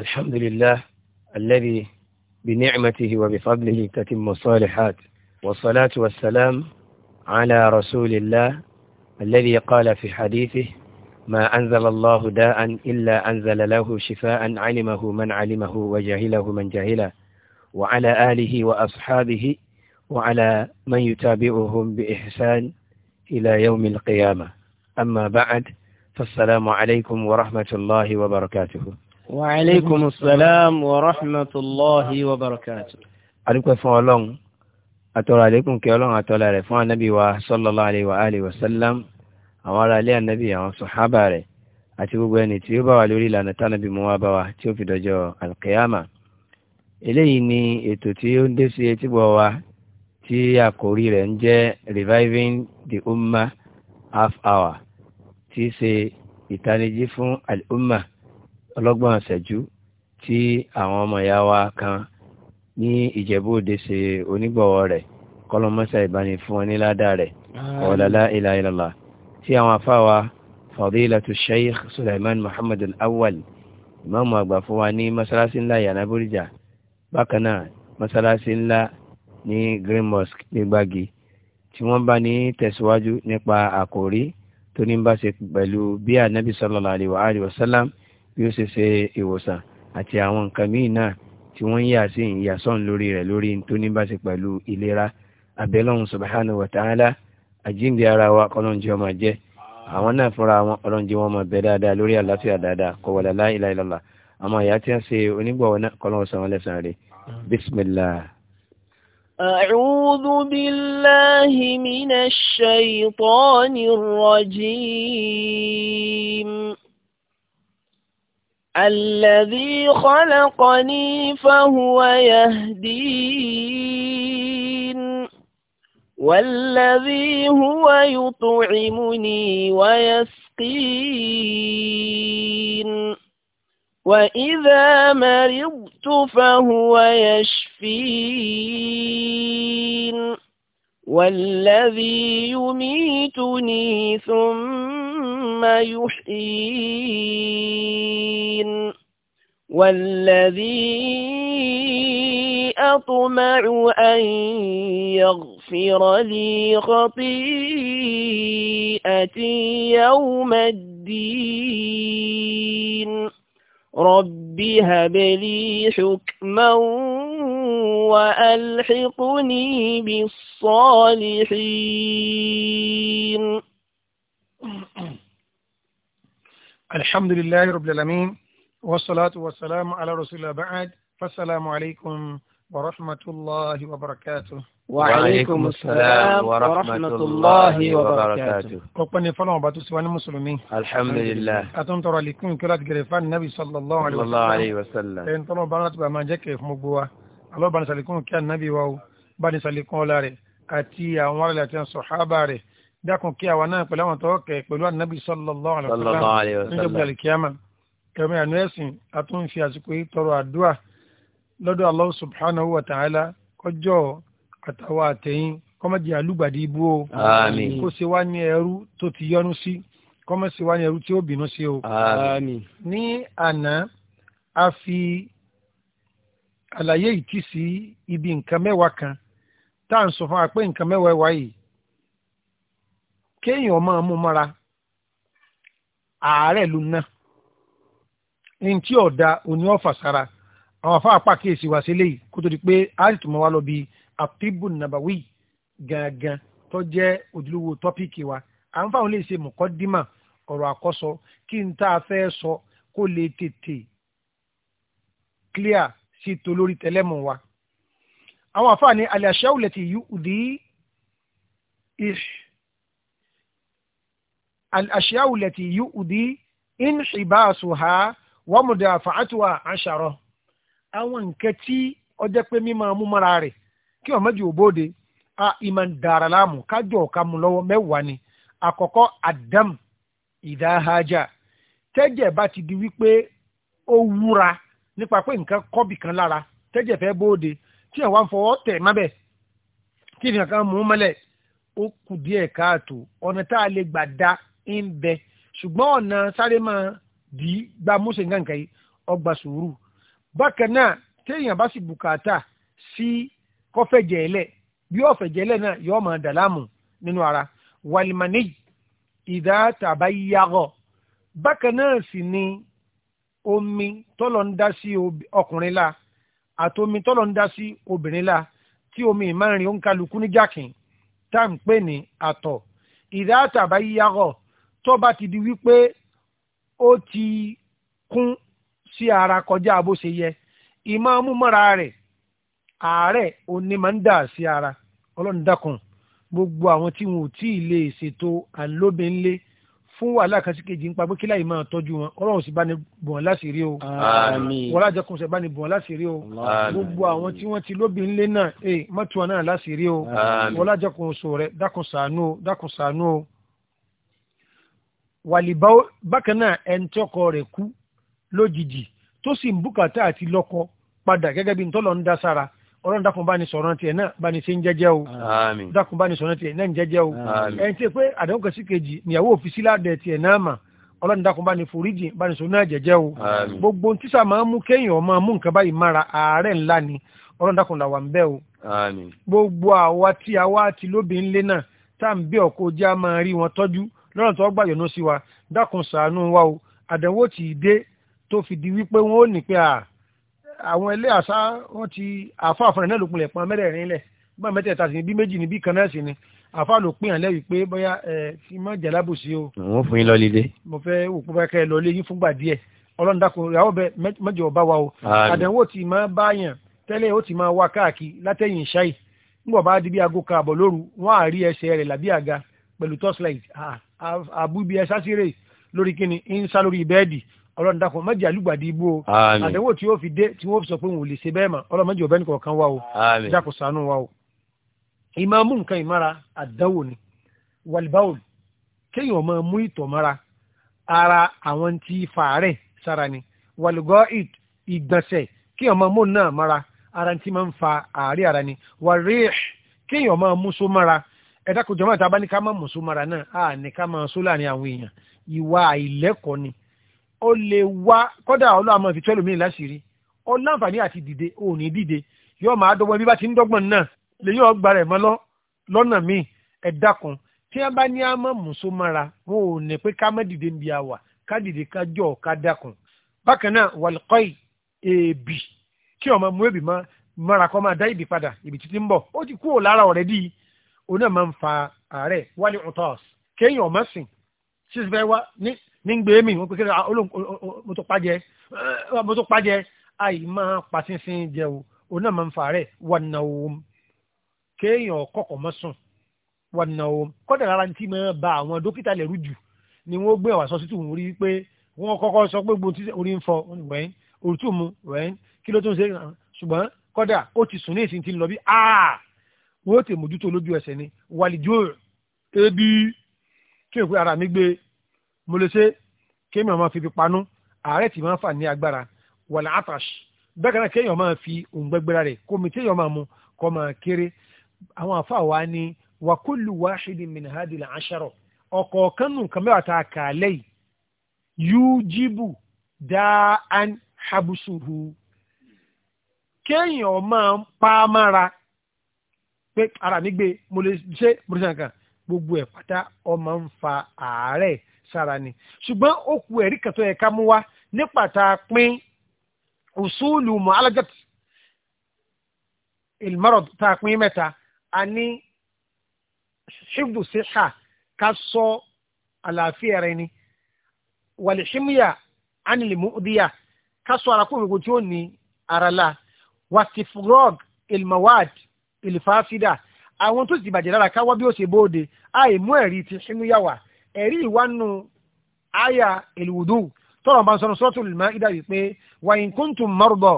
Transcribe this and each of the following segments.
الحمد لله الذي بنعمته وبفضله تتم الصالحات والصلاة والسلام على رسول الله الذي قال في حديثه ما أنزل الله داء إلا أنزل له شفاء علمه من علمه وجهله من جهله وعلى آله وأصحابه وعلى من يتابعهم بإحسان إلى يوم القيامة أما بعد فالسلام عليكم ورحمة الله وبركاته وعليكم السلام ورحمة الله وبركاته أدوك فعلون أتولى عليكم كيولون أتولى رفع النبي صلى الله عليه وآله وسلم أمر عليه النبي وصحابة ري àti gbogbo ẹni tí ó bá wà lórí ìlànà tánàbí mú wá bá wa tí ó fi dọjọ́ alkiyama eléyìí ni ètò tí ó ń dé sí etígbọ̀ wa tí àkórí rẹ̀ ń jẹ́ reviving the ummah half hour tí í ṣe ìtanijí fún al-ummah ọlọ́gbọ̀n ìṣẹ́jú tí àwọn ọmọ ìyá wa kan ní Ìjẹ̀bú Òde ṣe onígbọ̀wọ́ rẹ̀ kọlọmọsà ìbáni fún wọn ní rẹ̀ ọ̀làlá ilà ilàlá tí àwọn afáwa fadilatu sheikh Sulaiman Muhammad al-Awwal àgbà fún wa ní masalasi ńlá yàrá bóríjà bákan náà masalasi ńlá ní Green Mosque ní Gbági tí wọ́n bá ní tẹ̀síwájú nípa àkòrí tó ní bá ṣe pẹ̀lú bí ànábì sallallahu alaihi wa sallam bí ó ṣe ṣe ìwòsàn àti àwọn nǹkan míì náà tí wọ́n ń yà sí ìyàsọ́n lórí rẹ̀ lórí tó ní bá ṣe pẹ̀lú ìlera abẹ́lọ́hùn subhanahu wa ta'ala àjíǹde ara wa kọ́lọ́njì ọmọ jẹ́ àwọn náà fúnra wọn kọ́lọ́njì wọn mọ̀ bẹ́ dáadáa lórí àlàáfíà dáadáa kò wọlé la ilaha illallah àmọ́ ìyá tí wọ́n ṣe onígbọ̀wọ́ náà kọ́lọ́wọ́ sọ wọn lẹ́sàn rẹ̀ bismillah. أعوذ بالله من الشيطان الرجيم الذي خلقني فهو يهدين والذي هو يطعمني ويسقين وإذا مرضت فهو يشفين والذي يميتني ثم يحيين والذي أطمع أن يغفر لي خطيئتي يوم الدين رب هب لي حكما وألحقني بالصالحين الحمد لله رب العالمين والصلاة والسلام على رسول الله بعد فالسلام عليكم ورحمة الله وبركاته وعليكم السلام ورحمة الله وبركاته وقلنا فلان باتو سوان المسلمين الحمد لله أتون ترى لكم كلات غرفان النبي صلى الله عليه وسلم الله عليه وسلم أتون ترى Allah bá ní sàlékún kí ànábì wa o bá ní sàlékún ọlá rẹ̀ àti àwọn ará àti àwọn sọ̀hábà rẹ̀ dákun kí àwa náà pẹ̀lú àwọn tó kẹ̀ pẹ̀lú ànábì sallallahu alaihi wasallam níjọba àlìkíyàmà ẹ̀rọ ìyànú ẹ̀sìn atún fi àsìkò yìí tọrọ àdúrà wa àlàyé ikisi ibi nǹkan mẹ́wàá kan tá à ń sọ fún wa pé nǹkan mẹ́wàá wá kéèyàn máa mú mọ́ra ààrẹ ló ná ní tí ọ̀dà òní ọ̀fà sára àwọn afá apá kéèsì wá sílé yìí kó tó di pé a tún mọ́ wá lọ bí àtìbù nàbàwí gangan tó jẹ́ ojúlówó wa à ń fáwọn lè mọ̀kọ́dímà ọ̀rọ̀ àkọ́sọ kí n tá a fẹ́ sọ kó lè tètè clear sí tó lórí tẹlẹmù wa àwọn àfáà ní alẹ́ àṣà òlẹ̀tì yúdí àṣà òlẹ̀tì yúdí inṣìbáṣùhá wọ́n mú dàfà àtúwà àṣàrọ̀ àwọn nǹkan tí ọjọ́ pé mímọ amúmọ́ra rẹ̀ kí wọ́n mẹ́jọ òbóde a ìmọ̀ dàrà láàmú kájọ ọ̀ka mú lọ́wọ́ mẹ́wàá ni àkọ́kọ́ àdám ìdáhájà tẹ́jẹ̀ bá ti di wípé ó wúra nípa pé nǹkan kọ́bì kan lára tẹ́jẹ̀ fẹ́ bóde tí àwọn afọwọ́ tẹ̀ mábẹ̀ tí ìfihàn kan mú mọ́lẹ̀ ó kù díẹ̀ káàtó ọ̀nà tá a lè gbà da ń bẹ ṣùgbọ́n ọ̀nà sáré máa dì í gba múṣe nǹkan kan yìí ọgbà sùúrù bákan náà téèyàn bá sì bùkátà sí kọ́fẹ̀jẹ̀ ẹlẹ̀ bí ọ̀fẹ̀jẹ̀ ẹlẹ̀ náà yóò máa dà láàmú nínú ara wàlìmánì ìdá tàbá yàgọ̀ bákan náà sì ni omi tọ́lọ̀ ń dá sí ọkùnrin la àtomi tọ́lọ̀ ń dá sí obìnrin la tí omi ìmọ̀rin ó ń kálukú ní jákìn tá à ń pè ní àtọ̀ ìdá àtàbá yíyàgọ̀ tó bá ti di wípé ó ti kún sí ara kọjá bó ṣe yẹ ìmọ̀ amúmọ́ra rẹ̀ àárẹ̀ òní máa ń dà sí ara ọlọ́run dákun gbogbo àwọn tí wọn ò tí ì lè ṣètò àlóbìnrin lé fún wàhálà kan sí kejì ń pa pé kí láì máa tọ́jú wọn ọlọ́run sì bá ní bùn láti rí o àmín wọ́n lájọ kún sí bá ní bùn láti rí o gbogbo àwọn tí wọ́n ti lóbi ńlé náà ẹ mọ́tò wọn náà láti rí o wọ́n lájọ kún sọ rẹ dákun ṣàánú o dákun ṣàánú o. wàlìbá bákan náà ẹni tí ọkọ rẹ̀ kú lójijì tó sì ń bùkátà àti lọ́kọ padà gẹ́gẹ́ bí ntọ́lọ́ ń dá sára ọlọ́run dákun bá ní sọ̀rọ̀ tiẹ̀ náà bá ní ṣe ń jẹ́jẹ́ o dákun bá ní sọ̀rọ̀ tiẹ̀ náà ń jẹ́jẹ́ o ẹni tí pé àdéhùn kẹsí kejì níyàwó òfìsí ládẹ tiẹ̀ náà mà ọlọ́run dákun bá ní foríjì bá ní sọ̀rọ̀ náà jẹ́jẹ́ o gbogbo tíṣà máa ń mú kéèyàn ọmọ mú nǹkan báyìí mára àárẹ̀ ńlá ni ọlọ́run dákun là wà ń bẹ́ o gbogbo àwa tí àwa ti lóbi ńlé náà tá à ń bí ọkọ ojú á máa rí wọn tọ́jú lọ́nà tó gbà yọ̀nù sí wa dákun ṣàánú wa o àdánwò tí ì dé tó fi di wípé wọn ò ní àwọn ilé àṣà wọn ti àfa àfọ̀nà náà ló pinlẹ̀ pọn mẹ́rẹ̀ẹ̀rin lẹ̀ bí wọn mẹ́tẹ̀ẹ̀ta sì bí méjì ní bí kan náà sì ni àfa ló pín àlẹ́ wípé bóyá ẹ fi mọ́ jàlábù sí o. wọ́n fún yín lọ lílé. mo fẹ́ wò pé kẹ́ ẹ lọ lé yín fúngbà díẹ̀ ọlọ́run dákun ìyàwó bẹ mẹ́jọ ọba wa o. àdánwò tí máa báyàn tẹ́lẹ̀ ó ti máa wá káàkiri látẹ̀yìn ṣáì ńgbọ̀ bá di bí aago kan àbọ̀ lóru wọ́n á rí ẹsẹ̀ rẹ̀ làbí àga pẹ̀lú torchlight àbúbi ẹ̀sásírè lórí kíni ń sá lórí bẹ́ẹ̀dì ọlọ́run dákun má jẹ́ àlùgbàdì ibú o àdánwò tí yóò fi dé tí wọ́n fi sọ pé wọn ò lè ṣe bẹ́ẹ̀ mọ́ ọlọ́run má jẹ́ ọ̀bẹ́ni kọ̀ọ̀kan wá o dákun ṣàánú wá o. ìmáàmù nǹkan ìmára àdánwò ni wàlìbáwò kéèyàn ọmọ mú ìtọ̀ mọ́ra ara àwọn tí fàárẹ̀ sára ni wàlùgọ́ ìgbọ̀nsẹ̀ kéèyàn ọmọ mú náà mọ́ra ara tí máa ń fa àárẹ̀ ara ni wàríẹ̀ kéèyàn ọmọ mú só mọ́ra ẹ̀dá kò ó lè wá kódà ọlọ́ àmọ́ ìfìtọ́ ẹlòmíì láṣìírí ó láǹfààní àti dìde ò ní dìde yóò máa dọ́gbọ́n bí bá ti ń dọ́gbọ́n náà lè yóò gba rẹ̀ mọ́ lọ́nà míì ẹ dákun tí wọ́n bá ní àmọ́ mùsùlùmára wọn ò ní pé ká má dìde ń bi àwà ká dìde ká jọ ká dákun bákan náà wàlùkọ́ì èèbì kí ọmọ mú èèbì mọ́ra kọ́ máa dá ìbì padà ìbì títí ń bọ̀ ó ti kúrò lára ọ̀rẹ́ dí òun ní gbé mi wọn pé kí ah, mo tó pàjẹ́ eh, mo tó pàjẹ́ àì máa pàṣínṣin jẹ o òun náà máa ń fà rẹ̀ wọnà òun kéèyàn kọ̀kọ̀ mọ́ sùn wọnà òun kọ́dà rárá tí máa ba àwọn dókítà lẹ́rù jù ni wọ́n gbé àwọn sọ́sítù wọn rí pé wọ́n kọ́kọ́ sọ pé gbòǹtì orí ń fọ wẹ́n orí tù mú wẹ́n kí ló tún ṣe ah, ṣùgbọ́n kọ́dà ó ti sùn ní ìsìn tí ń lọ bí ah! wọ́n ó ti mójútó lójú ẹsẹ̀ ni wàlíjó ebi kí n pè ara mi gbé mo lè ṣe kéèyàn máa fi fi panú ààrẹ tí máa ń fà ní agbára wàlẹ̀ atash bẹ́ẹ̀ kan náà kéèyàn máa fi òǹgbẹ́gbẹ́ra rẹ̀ kó mi téèyàn máa mu kó máa kéré àwọn àfáà wa ni wàkúlù wáṣídì mìnàhádìlà àṣàrọ̀ ọ̀kọ̀ọ̀kan nù nǹkan mẹ́wàá tá a kà á lẹ́yìn yújíbù dáán habusuhu kéèyàn máa pa á mára pé ara mi gbé mo lè ṣe mo lè gbogbo ẹ̀ pátá ọmọ ń fa àárẹ̀ sára ni ṣùgbọ́n ó ku ẹ̀rí kan tó yẹ ká mú wá nípa tá a pín usulu mu'alajat ilmarod tá a pín mẹ́ta a ní hifdu siha ká sọ àlàáfíà rẹ ni wàlìṣímíyà ánìlìmúdíyà ká sọ ara kúrò tí ó ní ara la wasifrog ilmawad ilfafida àwọn tó sì bàjẹ́ lára ká wá bí ó ṣe bóde àìmú ẹ̀rí ti ṣínú yàwá ẹ̀rí ìwánu àyà ìlúwùdù tọ́lọ̀ bá ń sọ̀rọ̀ suratul Maida yìí pé wa in kuntum marda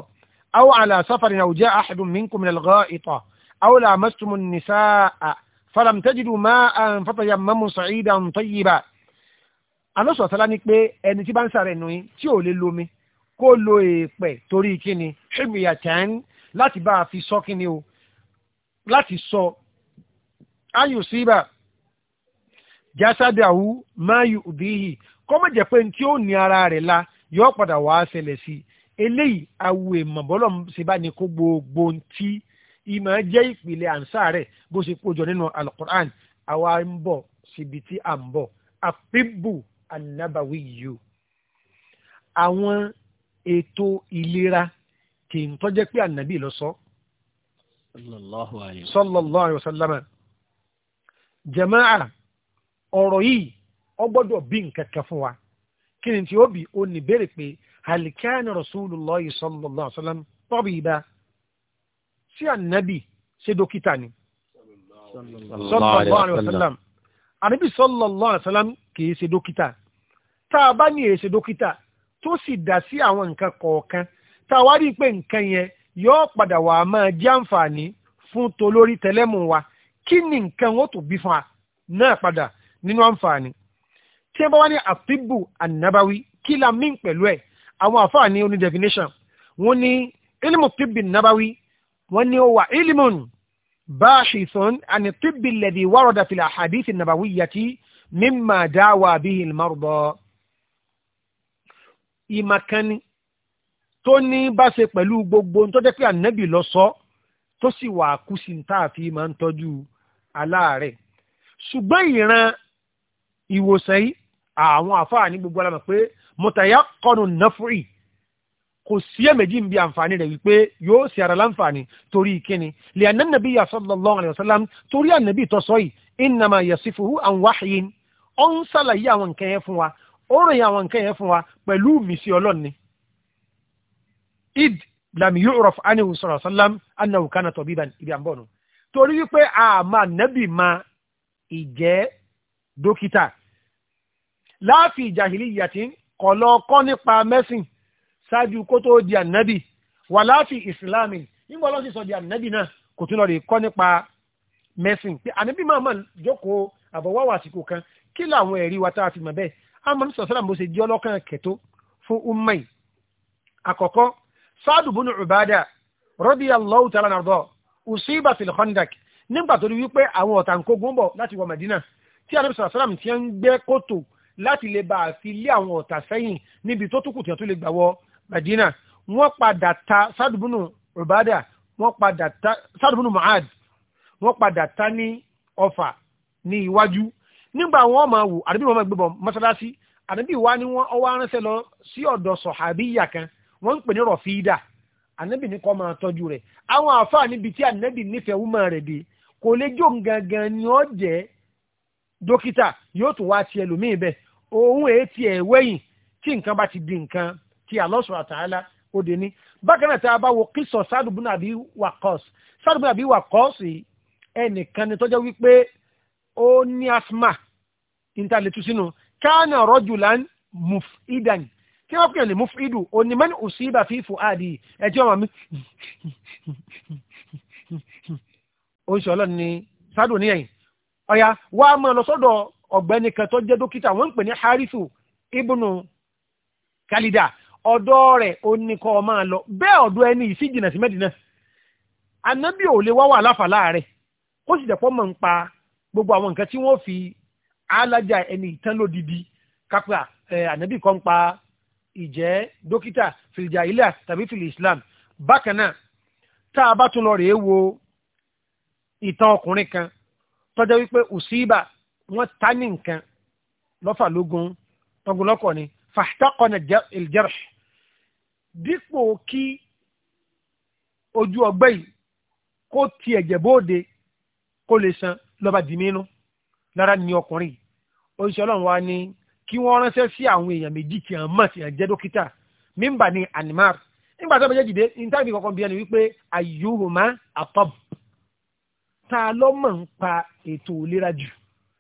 aw ala safarin aw jaa ahadun minkum minal gha'ita aw lamastumun nisaa falam tajidu ma'an fatayammamu sa'idan tayyiba anọ́sọ̀ sálá ní pé ẹni tí bá ń sàrẹ̀ nù yín tí ò lè lomi kó lo èèpẹ̀ torí kíni ṣùgbìyàtàn láti bá a fi sọ kíni o láti sọ ayùsíbà jásádàwù máyù òbíhì kọ́mọ̀ jẹ́ pé tí ó ní ara rẹ̀ la yóò padà wá ṣẹlẹ̀ sí eléyìí awo ìmọ̀bọ́lọ̀ ṣe bá ní kó gbogbo ti ìmọ̀ jẹ́ ìpìlẹ̀ ànsá rẹ̀ bó ṣe kójọ nínú alukur'an àwa ń bọ̀ síbi tí à ń bọ̀ àfíbù ànábàwí yìí àwọn ètò ìlera kì í tọ́jẹ́ pé ànábì lọ sọ. sallallahu alayhi wa ọ̀rọ̀ yìí ó gbọ́dọ̀ bí nǹkan kan fún wa kí ni tí ó bì ó ní béèrè pé alikani rasulullahi sallallahu alaihi wasallam tọ́bi ibà sí ànábì ṣe dókítà ni sallallahu alaihi wasallam ànábì sallallahu alaihi wasallam kì í ṣe dókítà tá a bá ní èsè dókítà tó sì dá sí àwọn nǹkan kọ̀ọ̀kan tá a wá rí i pé nǹkan yẹn yóò padà wà á máa jẹ́ àǹfààní fún tolórí tẹlẹ́mù wa kí ni nǹkan wọn tó bí fún wa náà padà nínú àǹfààní tí ẹ bá wá ní àfíbù ànábáwí kí la mí pẹ̀lú ẹ̀ àwọn àfààní oní definition wọ́n ní ilmu tibbi nábáwí wọ́n ní ó wà ilmun bashithun àni tibbi alladhi warada fil ahadith nabawiyyati mimma dawa bihi al-marda ìmàkánni tó ní bá ṣe pẹ̀lú gbogbo tó jẹ́ pé ànábì lọ sọ tó sì wà kùsìn máa ń tọ́jú aláàárẹ̀ ṣùgbọ́n ìran ìwòsàn yìí àwọn àfáà ní gbogbo alamọ̀ pé mọ̀tàyà kọ́nù náfúrì kò sí èméjì ń bi àǹfààní rẹ̀ wípé yóò ṣe ara láǹfààní torí ìkíni lè ànábì yà sallallahu alaihi wasallam torí ànábì tó sọ yìí innama yasifuhu an wahyin ó ń ṣàlàyé àwọn nǹkan yẹn fún wa ó ròyìn àwọn nǹkan yẹn fún wa pẹ̀lú mìsí ọlọ́ni id lam yu'raf anihu sallallahu alaihi wasallam annahu kana tabiban ibi àbọ̀nù torí wípé àmà ànábì ma ìjẹ́ dókítà láàfin ìjàhìlíyà tí kọ̀ lọ kọ́ nípa mẹ́sìn ṣáájú kó tó di ànábì wà láàfin ìsìláàmì nígbà ọlọ́sì sọ di ànábì náà kò tún lọ rè kọ́ nípa mẹ́sìn pé ànábì máa máa jókòó àbọ̀wáwà àsìkò kan kí làwọn ẹ̀rí wa tá a fi mọ̀ bẹ́ẹ̀ amọ̀ ní sọ̀sọ́là mo ṣe jẹ́ ọlọ́kàn kẹ̀tó fún umay àkọ́kọ́ sáàdù bùnú ìbádà radiyallahu ta'ala nàrọ̀ usiba fil khandak nígbà tó rí wípé àwọn ọ̀tàǹkógun bọ̀ láti wọ Madina tí àdébí sàrásàràm ti ń gbẹ́ kòtò láti lè bá àfi lé àwọn ọ̀tà sẹ́yìn níbi tó túkù tí wọ́n tó lè gbà wọ Madina wọ́n padà ta sadubunu rubada wọ́n padà ta sadubunu muad wọ́n padà ta ní ọfà ní iwájú nígbà wọn máa wò àdébí wọn máa gbébọn mọ́sálásí ànábì wa ni wọn ọwọ́ aránṣẹ́ lọ sí ọ̀dọ̀ sọ̀hábíyà kan wọ́n ń pè ní rọ̀fídà ànábì ní kọ́ máa tọ́jú rẹ̀ àwọn àfáà níbi tí ànábì nífẹ̀ẹ́ wúmọ̀ rẹ̀ dé kò lè jó gangan ni ó jẹ́ dókítà yóò tún wá ti ẹlòmíì bẹ́ẹ̀ òun èé ti ẹ̀ wẹ́yìn tí nǹkan bá ti di nǹkan tí Allah subhanahu wa ta'ala ó dé ní. bákan náà tá a bá wo kíso sádùbùn àbí wàkọ́s sádùbùn àbí wàkọ́s ẹnìkan ni tọ́jọ́ wípé ó ní asma ìntàlétú sínú kánà rajulan mufidan kí wọ́n pèèyàn lè mú fídù onímọ́ni òsínbà fi fò áàdì ẹjọ́ ọmọ mi. oṣù ọlọ́ni ni sádùn níyẹn ọya wa ma lọ sọ́dọ̀ ọ̀gbẹ́ni kan tó jẹ́ dókítà wọ́n ń pè ní harifu ibùnú kalida ọ̀dọ̀ rẹ̀ oníkọ́ lọ bẹ́ẹ̀ ọ̀dọ̀ ẹni yìí sí sí mẹ́dínà anábì ò lè wá wà gbogbo àwọn nǹkan tí fi alájà ẹni ìtàn lódìdí kan pa ìjẹ́ dókítà ilé tàbí Islam bákan náà tá a wo ìtàn ọkùnrin kan tọ́jọ́ wípé ùsíbà wọ́n ta ní nǹkan lọ́fà lógún tọ́gùnlọ́kọ̀ ni fàtàkọ́nà ìjẹ́rẹ̀ dípò kí ojú ọgbẹ́ yìí kó ti ẹ̀jẹ̀ bóde kó lè san lọ́ba dìmínú lára ní ọkùnrin yìí oṣìṣẹ́ ọlọ́run wa ni kí wọ́n ránṣẹ́ sí àwọn èèyàn méjì tí wọ́n mọ̀ sí ẹ̀jẹ̀ dókítà mímbà ni animar nígbà tó bẹ jẹ́ dìde ní tábìlì kọ̀ọ̀kan bí ẹni wípé ayélujára àtọ́bù ta ló mọ̀ ń pa ètò ìlera jù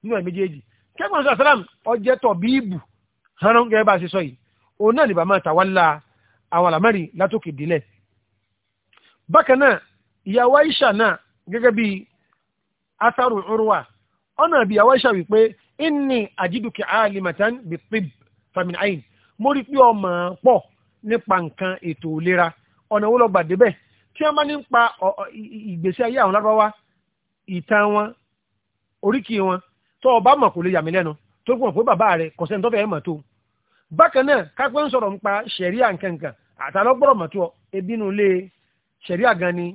nínú ẹ̀ méjèèjì kẹ́gbọ́n sọ sàlám ọjẹ́ tọ̀ bí ibù hàn gẹ́gẹ́ bá a ṣe sọ yìí òun náà nìbà máa tà wá la àwọn àlámẹ́rin látòkè délẹ̀ bákan náà ìyàwó Aisha náà gẹ́gẹ́ bí atharu urwa ọ̀nà bí ìyàwó Aisha wípé inni ajiduki alimatan bi tib famin ayin mo rí pé ọmọ pọ̀ nípa nǹkan ètò ìlera ọ̀nà wo lọ gbà tí wọ́n bá ní pa ìgbésí ayé àwọn lábáwá ìta wọn oríkì wọn tó ọba mọ̀ kò lè yà lẹ́nu tó kún ọ̀pọ̀ bàbá rẹ̀ kò tó mọ̀ tó. bákan náà kápẹ́ ń sọ̀rọ̀ nípa nkankan àtàlọ́gbọ̀rọ̀ mọ̀ tó ọ ebi inú ilé ṣẹ̀ríà gan ni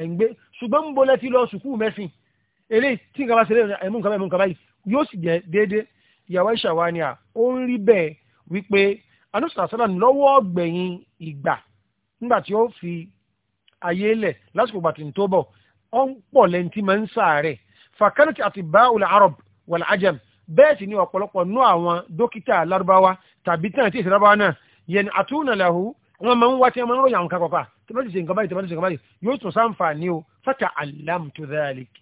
ẹ̀ ń gbé ṣùgbọ́n ń bo lẹ́tí lọ sùkúù mẹ́sìn eléyìí tí nǹkan bá ṣe ẹ̀mú nǹkan bá ẹ̀mú nǹkan báyìí ni à ó ń rí bẹ́ẹ̀ wípé lọ́wọ́ ọ̀gbẹ̀yìn ìgbà nígbà fi ayé lẹ̀ lásìkò bọ̀ ọ ń pọ̀ lẹ́ntì máa ń sàárẹ̀ fàkánàtì àti báwùlà arab wàlà ajam bẹ́ẹ̀ sì ni ọ̀pọ̀lọpọ̀ nú àwọn dókítà lárúbáwá tàbí tàn tí ìsìn lárúbáwá náà yẹn àtúnà làhù wọn máa ń wá tí wọn máa ń ròyìn àwọn kan kọ̀ọ̀kan tí wọ́n ti ṣe nǹkan báyìí tí wọ́n ti ṣe nǹkan báyìí yóò tún sáǹfààní o fata alamtu dhalik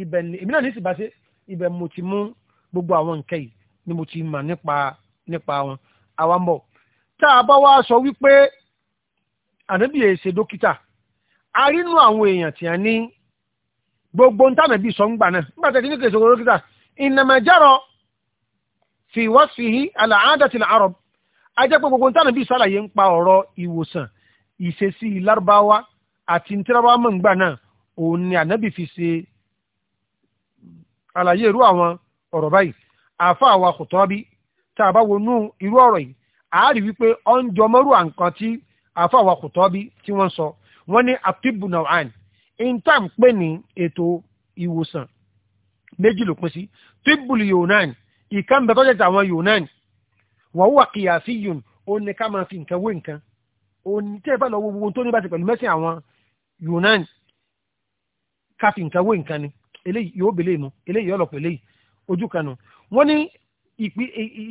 ibẹ̀ ni èmi náà ní ìsìnbáṣe ibẹ̀ mo ti mú gbogbo àwọn nǹkan yìí ni mo ti mà nípa nípa wọn àwa ń bọ̀ tá a bá wá sọ wípé ànábìyèsè dókítà arínú àwọn èèyàn tí a ní gbogbo ntànà bí sọ̀ngbà náà nígbà tẹ̀sí ní kèsì olókìtà ìnàmẹ̀jẹ̀rọ fi wasfihi alàádàtì arab ajẹ́ pé gbogbo ntànà bí sàlàyé ń pa ọ̀rọ̀ ìwòsàn ìṣesí lárúbáwá àti ntìrábáwá mọ̀ ngbà náà òun ni ànábì fi ṣe àlàyé irú àwọn ọ̀rọ̀ báyìí àfa àwa Khuttabi tá a bá wọnú irú ọ̀rọ̀ yìí a wípé ọ̀njọ́mọ́rú àǹkan tí àfa àwa Khuttabi tí wọ́n sọ wọ́n ní àtìbù náà àìní ìntà ń pè ní ètò ìwòsàn méjì ló pín sí tíbùlù yonan ìkan bẹ tọ́jà tàwọn yonan wọ́n wà kìyàsí yòn ó ní ká máa fi nǹkan wé nǹkan òní tí ẹ bá lọ wo gbogbo tó ní bá ti pẹ̀lú mẹ́sìn àwọn yonan ká fi nǹkan wé nǹkan ni eléyìí yóò bèlè mu eléyìí yóò lọ pẹ̀lú eléyìí ojú kan nu ní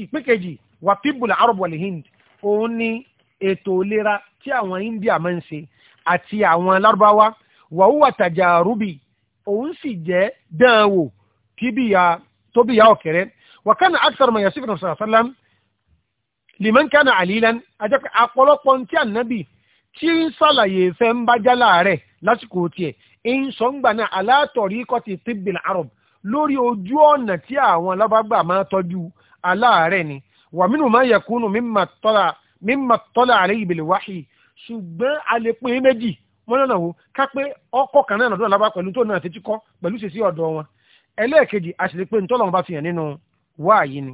ìpín kejì wà tíbùlù arab wal hind òun ní ètò ìlera tí àwọn india máa ń ṣe àti àwọn lárúbáwá wàhùwà tàjàrúbì òun sì jẹ́ dánwò kíbíyà tóbíyà ọ̀kẹ́rẹ́ wàkánà akthar ma yasif nàfṣà sálám liman kana alilan ajẹ́pẹ́ àpọ̀lọpọ̀ ntí ànábì tí ń sàlàyé fẹ́ ń bájá láàárẹ̀ lásìkò tiẹ̀ ń sọ ń gbà náà alátọ̀rí kọ́ ti tibbil arab lórí ojú ọ̀nà tí àwọn alábàgbà máa tọ́jú aláàárẹ̀ ni wàmínú máa yẹ kúnnù mímà tọ́lá àlẹ́ ìbìlẹ̀ wáhì ṣùgbọ́n alẹ́pẹ́ méjì wọ́n lọ́nà wo ká pé ọkọ̀ kan náà lọ́dọ̀ lábá pẹ̀lú tó náà tẹ́tí kọ́ pẹ̀lú ṣèṣì ọ̀dọ̀ wọn ẹlẹ́ẹ̀kejì àṣìlẹ̀ pé ntọ́lọ́run bá fi hàn nínú wáàyí ni.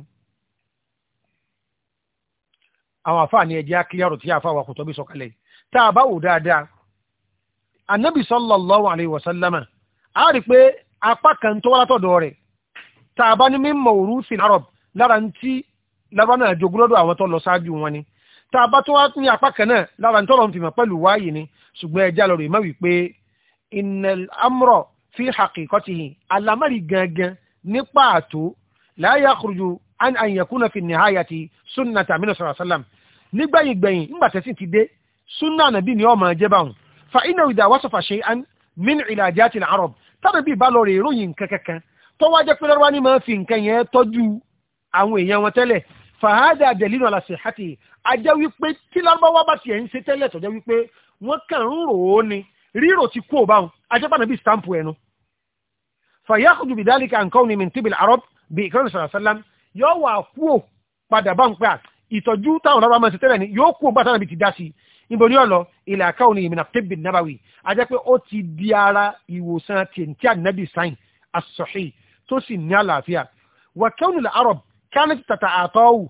àwọn àfáà ni ẹ̀jẹ̀ akíyàrò tí àfáà wà kòtọ́ bí sọ̀kalẹ̀ tá a bá wò dáadáa anabi sallallahu alayhi wa sallama a rí pé apá kan tó wá látọ̀dọ̀ rẹ̀ tá a bá ní mímọ̀ òrùsìn arab lára ń tí lábánà àjogúnlọ́dọ̀ àwọn tó lọ ṣáájú wọn tá a bá tó wá ní apá kan náà lára ní tọ́lọ̀ ń fìmọ̀ pẹ̀lú wáyé ni ṣùgbọ́n ẹja lọ rè má wí pé innal amra fi haqiqatihi alámárì gangan ní pàtó la yakhruju an an yakuna fi nihayati sunnata min sallam nígbẹ̀yìn gbẹ̀yìn ńgbà tẹ́sí ti dé sunna nàbí ni ọmọ ẹjẹ́ báwọn fa inna idha wasafa shay'an min ilajati al-arab tàbí bá lọ rè ìròyìn kankan tó wá ni máa fi nǹkan yẹn tọ́jú àwọn èèyàn wọn tẹ́lẹ̀ fàhádà àdẹ̀línú àlàsì àti ajẹ́ wípé tí lárúbáwá bá tiẹ̀ ń ṣe tẹ́lẹ̀ tọ́jẹ́ wípé wọ́n kàn ń rò ó ni rírò ti kú òbáwọn ajẹ́pàdé bíi stamp ẹnu. fàyàkùjù bìdálíkà nǹkan ní mìntíbìlì arab bíi ìkànnì sàlásálám yóò wà kú ò padà bá ń pẹ́ à ìtọ́jú táwọn lárúbáwá máa ṣe tẹ́lẹ̀ ni yóò kú òbá tánàbí ti kánìtì tàtà àtọ́wù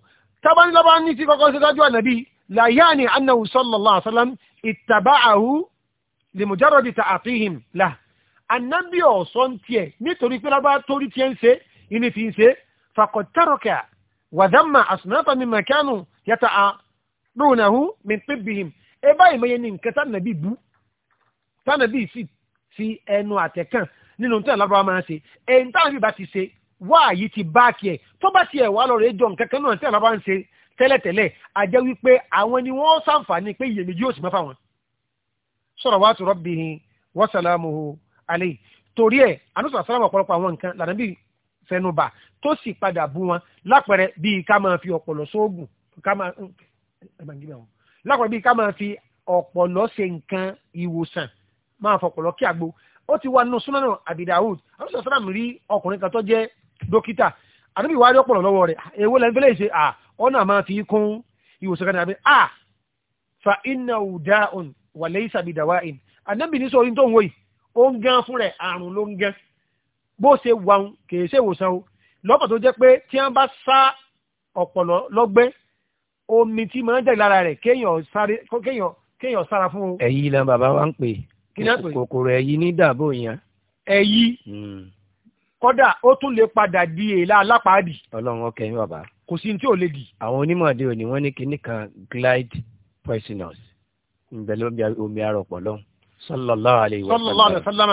tábánilọ́bá ní tí kọ́kọ́ síwájú ànàbí láyáni annahu sallallahu alaihi wasallam ìtàbáàhù lèmùjárọ̀dì tà àfihìm là annabi ọ̀sọ́ ń tiẹ̀ nítorí pé lábá torí tiẹ̀ ń ṣe ìní fi ń ṣe fàkọ̀tàrọ̀kà wàdàmà àsùnàtà mi màkánù yàtà àrùnàhù mi pébìhìm ẹ báyìí mẹ́yẹ ní nǹkan tánàbí bú tánàbí sì fi ẹnu àtẹ̀kàn nínú tí àlábọ̀ máa ṣe ẹ̀yìn tánàbí bá ti ṣe wáàyí ti báàkì ẹ̀ tó bá tiẹ̀ wà lọ́rọ̀ ẹjọ́ nǹkan kan náà tí àwọn bá ń ṣe tẹ́lẹ̀tẹ́lẹ̀ a jẹ́ wípé àwọn ni wọ́n sàǹfààní pé iyèméjì yóò sì mọ́fà wọn. salawatu rabbihi wa salamuhu alayhi torí ẹ̀ anúṣà sálàmù ọ̀pọ̀lọpọ̀ àwọn nǹkan lànà bíi fẹnubà tó sì padà bú wọn lápẹẹrẹ bíi ká máa fi ọ̀pọ̀lọ sóògùn ká máa lápẹẹrẹ bíi ká máa fi ọ̀pọ̀lọ ṣe nǹkan ìwòsàn máa fọ̀pọ̀lọ kí àgbo ó ti wá nínú súnmọ́nà àbí Dawud anúṣà sálàmù rí ọkùnrin kan tó jẹ́ dókítà àdébí ìwádìí ọ̀pọ̀lọ̀ lọ́wọ́ rẹ̀ èwo lẹ́nu fẹ́lẹ́ ṣe à ọ̀nà máa fi kún ìwòsàn kan àbí à fa iná ọ̀dà òun wà lẹ́yìn sàbí dàwa ìn àdébí ní sọ̀rọ̀ tó ń wòye ó ń gán fún rẹ̀ àrùn ló ń gán bó ṣe wà ń kèé ṣe ìwòsàn o lọ́pọ̀ tó jẹ́ pé tí wọ́n bá sá ọ̀pọ̀lọ̀ lọ́gbẹ́ omi tí máa ń jẹ́ lára rẹ̀ kéèyàn sára fún o. ẹ̀yí la bàbá wa ń pè kòkòrò ẹ̀yí ní dàbò yẹn. ẹ̀yí hmm kódà ó tún lè padà di èèlà alápáàdì. ọlọ́run ọkẹ yín bàbá. kò sí ní tí ò lè dì. àwọn onímọ̀ọ́dé òní wọ́n ní kinní kan glide poisonous ǹbẹ̀ ló ń bí omi arọ̀pọ̀ lọ. sallallahu alaihi wasallam. sallallahu alaihi wasallam.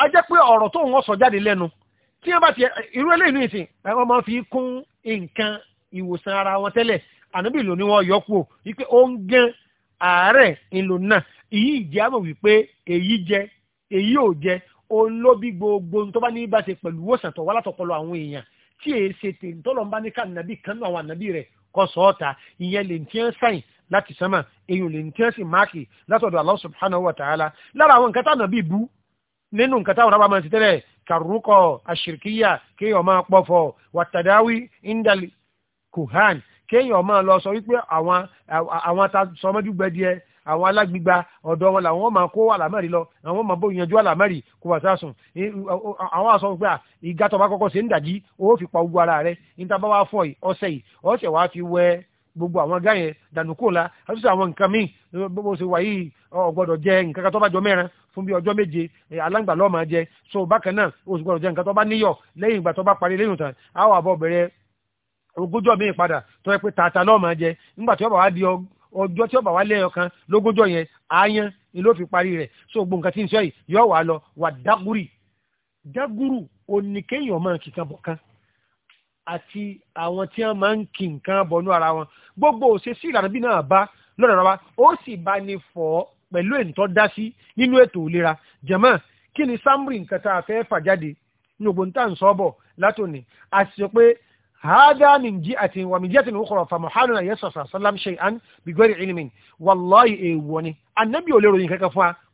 a jẹ́ pé ọ̀rọ̀ tó ń wọ́n sọ jáde lẹ́nu tí wọ́n bá ti irú eléyìí ní ìsìn wọ́n máa fi kún nǹkan ìwòsàn ara wọn tẹ́lẹ̀ ànábì ló ní wọ́n yọ kúrò wípé ó ń gán àárẹ̀ ńlò náà èyí ìjẹ́ àmọ̀ wípé èyí jẹ èyí ò òun ló bí gbogbo tó bá ní bá ṣe pẹ̀lú wòsàn tó wá látọpọlọ àwọn èèyàn tí èyí ṣe tèmi tó lọ́n bá ní ká nàbí kanú àwọn ànàbí rẹ̀ kọ́ sọ́ọ́ta ìyẹn lè tí ń láti sánmà èyàn lè tí ń máàkì látọ̀dọ̀ Allah subhanahu wa ta'ala lára àwọn nǹkan táwọn nàbí bú nínú nǹkan táwọn rábà máa ti tẹ́lẹ̀ kàrúkọ àṣìríkíyà kéèyàn máa pọ̀fọ̀ wàtàdáwí indal kuhan kéèyàn máa lọ sọ wípé àwọn àwọn ta sọmọdúgbẹ́díẹ àwọn alágbígba ọ̀dọ̀ wọn làwọn máa kó àlámẹ́rì lọ àwọn máa bó yanjú àlámẹ́rì kó wà sásùn àwọn àsọ pé ìgbà tó bá kọ́kọ́ ṣe ń dàjí ó fi pa ara rẹ níta bá wá fọ ọ̀sẹ̀ yìí ọ̀sẹ̀ wàá fi wẹ gbogbo àwọn gáyẹn dànù kó la àtúnṣe àwọn nǹkan míì bó ṣe wà yìí o jẹ nǹkan kan tó bá jọ mẹ́rin fún bí ọjọ́ méje alágbà jẹ so bákan náà o sì gbọ́dọ̀ jẹ nǹkan tó bá níyọ̀ lẹ́yìn ìgbà tó bá parí lẹ́yìn bẹ̀rẹ̀ ogójọ́ padà tó yẹ pé ọjọ́ tí ó bá wá lẹ́yọ kan lógójọ́ yẹn àáyán ni ló fi parí rẹ̀ so gbogbo nǹkan tí ń sọ yìí yọ wà lọ wà dágúrì dágúrù oníkéèyàn máa kì kan bọ̀ kan àti àwọn tí wọ́n máa ń kì nǹkan bọ̀nú ara wọn gbogbo òṣè sí ìlànà bí náà bá lọ́dọ̀ rárá ó sì bá ní fọ́ pẹ̀lú èntọ́ dá sí nínú ètò ìlera jẹ̀mọ́ kí ni samri nǹkan tá a fẹ́ fà jáde ní ògbóǹtà ń sọ́ bọ̀ látòní àṣìṣe pé هذا من جهة ومن جهة أخرى فمحال أن يسرى صلى الله عليه وسلم شيئا بغير علم والله إيواني النبي يقول له كيف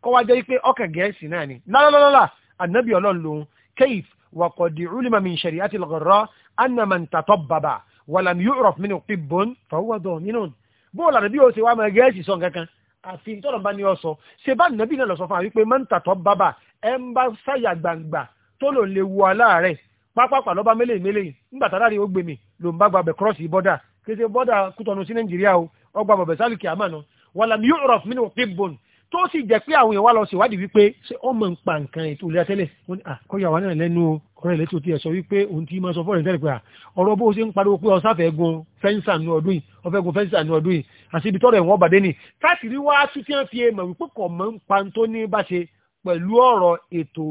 قوى ذلك أوكا جيسي ناني لا لا لا لا النبي يقول له كيف وقد علم من شريعة الغراء أن من تطبب ولم يعرف منه طب فهو ضامن بولا النبي يقول وما جيسي سون كان àfi tọ́lọ̀ bá ní ọ sọ ṣe bá nàbí náà lọ sọ fún wa wípé mọ́ńtà tó bábà ẹ̀ ń bá sáyà gbangba tó lò lè wọ aláàárẹ̀ pápápá lọ́ba mélèé mélèé nígbà tá láàrin ó gbé mi ló ń bá gba bẹ̀ kírọ́ọ̀sì bọ́dà kése bọ́dà kútọ́nu sí nàìjíríà o ọgbà bọ̀bẹ̀ sálùkì àmàna wàlà mi yóò rọ̀ fún mi ní pípọ̀n tó sì jẹ́ pé àwọn èèyàn wá lọ síwádìí wípé ṣé ọmọ ń pa nǹkan ètò ìlera tẹ́lẹ̀ wọ́n ní àkọ́yà wà náà lẹ́nu o ilé tó tiẹ̀ sọ wípé òun ti máa sọ fọ́ọ̀rẹ́ tẹ́lẹ̀ pé à ọ̀rọ̀ bó ṣe ń pariwo pé ọ̀sáfẹ́ gun fẹ́ǹsà ní ọdún yìí ọ̀fẹ́ gun fẹ́ǹsà ní ọdún yìí àti ibi tọ́rọ̀ ẹ̀wọ̀n bàdé ni káàkiri wá tún tí wọ́n fi mọ̀ wípé kọ̀ mọ́ ń pa tó ní bá ṣe pẹ̀lú ọ̀rọ̀ ètò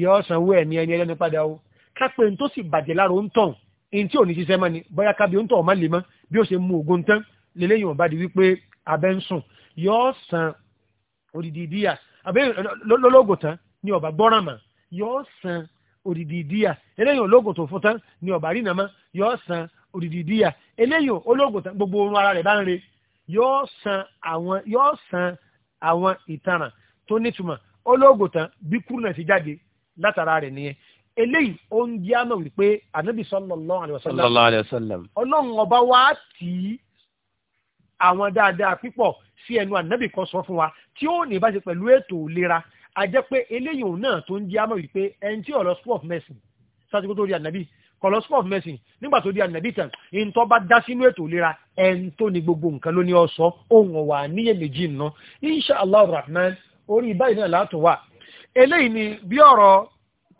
yọ sanwó ẹ̀mí ẹni ẹlẹ́ni padà o kápẹ́ ní tó sì bàjẹ́ lára ń tàn ní tí ò ní ṣiṣẹ́ mọ́ ni bóyá kábí ń tàn ọ̀ma lè mọ́ bí ó ṣe mú ogun tán lélẹ́yìn ọ̀bá di wípé abẹ́ ń sùn yọ san odidi díà abẹ́ lọ́lọ́gùn tán ni ọ̀bá gbọ́ràn mọ́ yọ san odidi díà lélẹ́yìn ológun tó fún tán ni ọ̀bá rí nàmọ́ yọ san odidi díà eléyìn ológun tán gbogbo orun ara rẹ̀ bá ń re yọ san àwọn yọ tó nítumọ̀ ológun tán bí kúrò ti jáde látara rẹ̀ nìyẹn eléyìí ó ń jẹ́ àmọ̀ wípé ànábì sallallahu alaihi wasallam ọlọ́run ọba wa tì í àwọn dáadáa pípọ̀ sí ẹnu ànábì kan sọ fún wa tí ó ní ìbáṣe pẹ̀lú ètò ìlera a jẹ́ pé eléyìí òun náà tó ń jẹ́ àmọ̀ wípé ẹni tí ọ̀lọ́ school of medicine sátìkú tó di ànábì kọ̀lọ́ school of medicine nígbà tó di ànábì tán ìǹtọ́ bá dá sínú ètò ìlera ẹni tó ní gbogbo nǹkan ló ọ̀sọ́ ohun ọ̀wà níyèméjì ná insha rahman orí báyìí náà látò wà eléyìí ni bí ọ̀rọ̀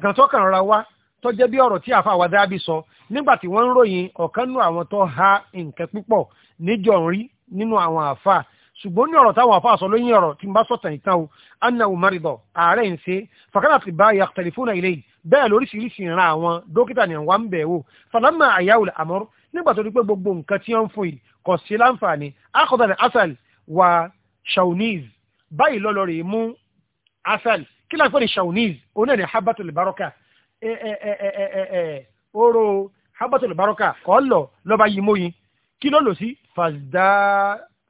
gàtọ́kàn ra wá tó jẹ́ bí ọ̀rọ̀ tí àfa wa dábì sọ nígbà tí wọ́n ń ròyìn ọ̀kan nínú àwọn tó ha nǹkan púpọ̀ níjọ rí nínú àwọn àfa ṣùgbọ́n ní ọ̀rọ̀ táwọn àfa sọ lóyìn ọ̀rọ̀ tí n bá sọ̀tàn ìtàn o anna umaridọ ààrẹ ń ṣe fàkàlà ti bá ya tẹlifóònù ilé yìí bẹ́ẹ̀ lóríṣiríṣi ìran àwọn dókítà ní àwọn ń bẹ̀ wò fàlámà àyáwò àmọ́rọ́ nígbà tó rí pé gbogbo nǹkan tí wọ́n ń fún yìí kò sí láǹfààní akọ̀dà ní asal wa shauniz báyìí lọ́lọ́rì mú asal kí láti pẹ́ ní shawniz òun náà ní habatul baraka oró habatul baraka kọ́ lọ lọ́ba yìí mọ́ yìí kí ló lò sí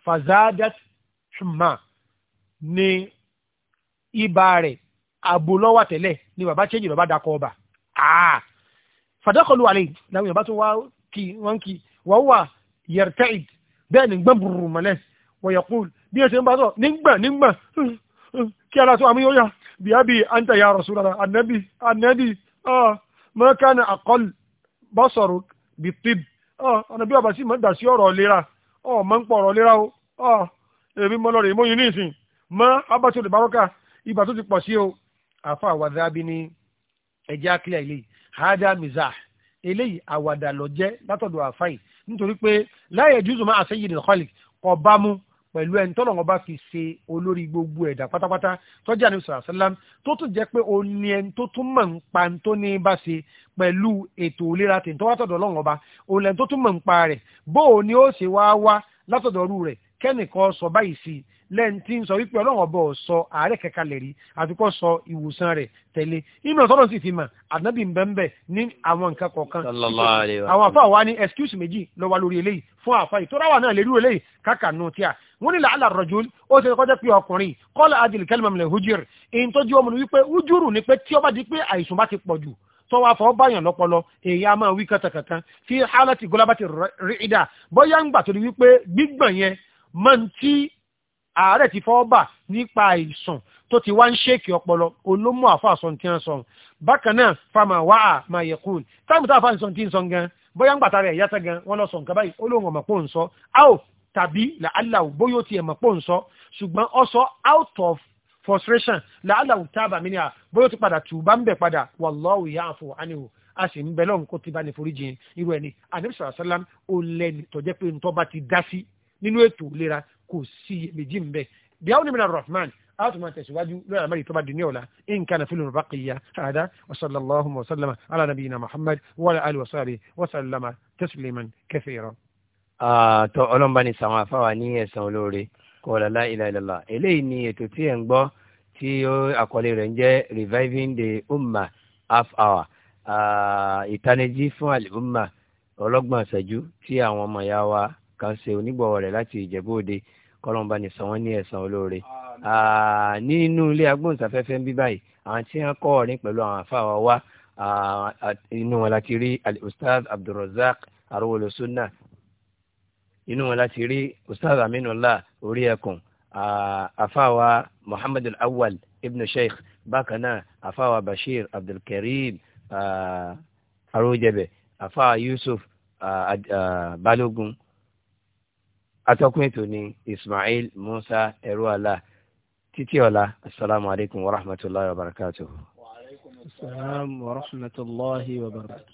fazadat ṣùmá ní ibà rẹ̀ àbò lọ́wà tẹ́lẹ̀ ni bàbá chéjì lọ́ba dakọ̀ ọba ah! fàdákọ̀lù àlè làwọn yorùbá tó wá kí wọ́n kí wọ́n wà yẹ̀rtẹ́ìd bẹ́ẹ̀ ni gbọ́n burú mọ́lẹ̀ wọ̀yẹ̀kú bí ẹ ṣe ń bá sọ nígbà nígbà kí aláṣọ àmúyọ́yà biabi anta ya rasulallah anabi anabi ah ma kana aqall basaruk bitib ah anabi ọba sì máa dà sí ọ̀rọ̀ ìlera ọ máa ń pọ̀ ọ̀rọ̀ ìlera o ah èmi mo lọ rè mọ́ yín ní ìsìn mọ́ abáṣe olè barọ́kà ibà tó ti pọ̀ sí o àfa àwàdábí ni ẹ̀jẹ̀ akílẹ̀ ilé hada mizah eléyìí àwàdà lọ jẹ́ látọ̀dọ̀ àfáì nítorí pé láyé jùzùmọ́ àṣẹyìn nìkọ́lì kọ̀ bá mu pẹ̀lú ẹni tọ́lọ̀ wọn bá fi ṣe olórí gbogbo ẹ̀dá pátápátá tọ́jà ní sọ̀rọ̀ sálám tó tún jẹ́ pé ó ní ẹni tó tún mọ̀ ń pa tó ní bá ṣe pẹ̀lú ètò ìlera tèǹtọ́wátọ̀dọ̀ ọlọ́run ọba òun lẹ́ni tó tún mọ̀ ń pa rẹ̀ bó o ní ó ṣe wá wá látọ̀dọ̀rú rẹ̀ kẹ́nìkan sọ báyìí sí lẹ́yìn sọ wípé ọlọ́run ọba sọ àárẹ̀ kẹka lẹ̀ rí sọ ìwòsàn rẹ̀ tẹ̀lé inú ọ̀tọ́rọ̀ sì fi mà ànábì bẹ́ńbẹ́ ní àwọn nǹkan kọ̀ọ̀kan àwọn àfa wa ní excuse méjì lọ lórí eléyìí fún àfa yìí tọ́ra wà náà lè eléyìí káka nù tíà wọ́n ní làálà rọ̀jò ó ti kọjá pé ọkùnrin kọ́lá adìl kẹlẹ́mọ̀mọ̀lẹ̀ hujir èyí tó di ọmọ wípé ujúrù ni pé tí ó di pé àìsùn bá ti pọ̀ jù tó wá fọ́ báyàn èyí a máa wí kàtàkàtà fi hálà ti gọlábà rí ìdá bóyá ń gbà torí wípé gbígbọ̀n yẹn mọ́ ní tí ààrẹ ti fọ́ bà nípa àìsàn tó ti wá ń ṣèkì ọpọlọ olómú àfàsàn tí ń sọ bákan náà fama wà á máa yẹ kúrò táàmù tá àfàsàn tí ń sọ gan bóyá ń gbàtà rẹ̀ yàtọ̀ gan wọ́n lọ sọ nǹkan báyìí olóhùn ọmọ pò ń sọ áò tàbí làálàó bóyá ó ti ẹ̀mọ̀ pò ń sọ ṣùgbọ́n ọ sọ out of frustration làálàó tábà mí ni à bóyá ó ti padà tù bá ń bẹ̀ padà wallahu ya'fu anhu a sì ń bẹ lọ́run kó ti bá ní foríjì irú ẹni àníbísọ̀ àṣálàm ó lẹ́ni tọ́jẹ́ pé ntọ́ bá ti dá sí nínú ètò ìlera kò sí méjì ń bẹ bí àwọn onímọ̀ rahman آتما تسواجو لا عملي تبعد نيولا إن كان في البقية هذا وصلى الله وسلم على نبينا محمد وعلى آله وصحبه وسلم تسليما كثيرا آه تو أولم بني سما فواني سولوري قول لا إله إلا الله إلي ني تتي أنبو تي أقولي رنجة reviving the ummah half hour ìtanijí fún àlùmọ́ ọlọ́gbọ̀n ṣẹ́jú tí àwọn ọmọ ya wa kan ṣe onígbọ̀wọ́ rẹ̀ láti Ìjẹ̀bú Òde kọ́lọ́mbà ní sanwó ní ẹ̀san olóore. nínú ilé agbóhùnsáfẹ́fẹ́ ń bí báyìí àwọn tí wọ́n kọ́ ọ̀rìn pẹ̀lú àwọn àfáà wa inú wọn láti rí Ustaz Abdulrazak arúgbó sunna inú wọn láti rí Ustaz Aminullah orí ẹkùn àfáà wa Muhammad al ibn Sheikh bákan náà àfáà wa Bashir Abdulkarim arójẹbẹ àfáà Yusuf Balógun atọ́kùn ètò ni Ismail Musa ẹrú àlà títí ọ̀la asalaamu alaykum wa rahmatulahi wa barakatuhu. wa alaykum asalaam wa rahmatulahi wa barakatuhu.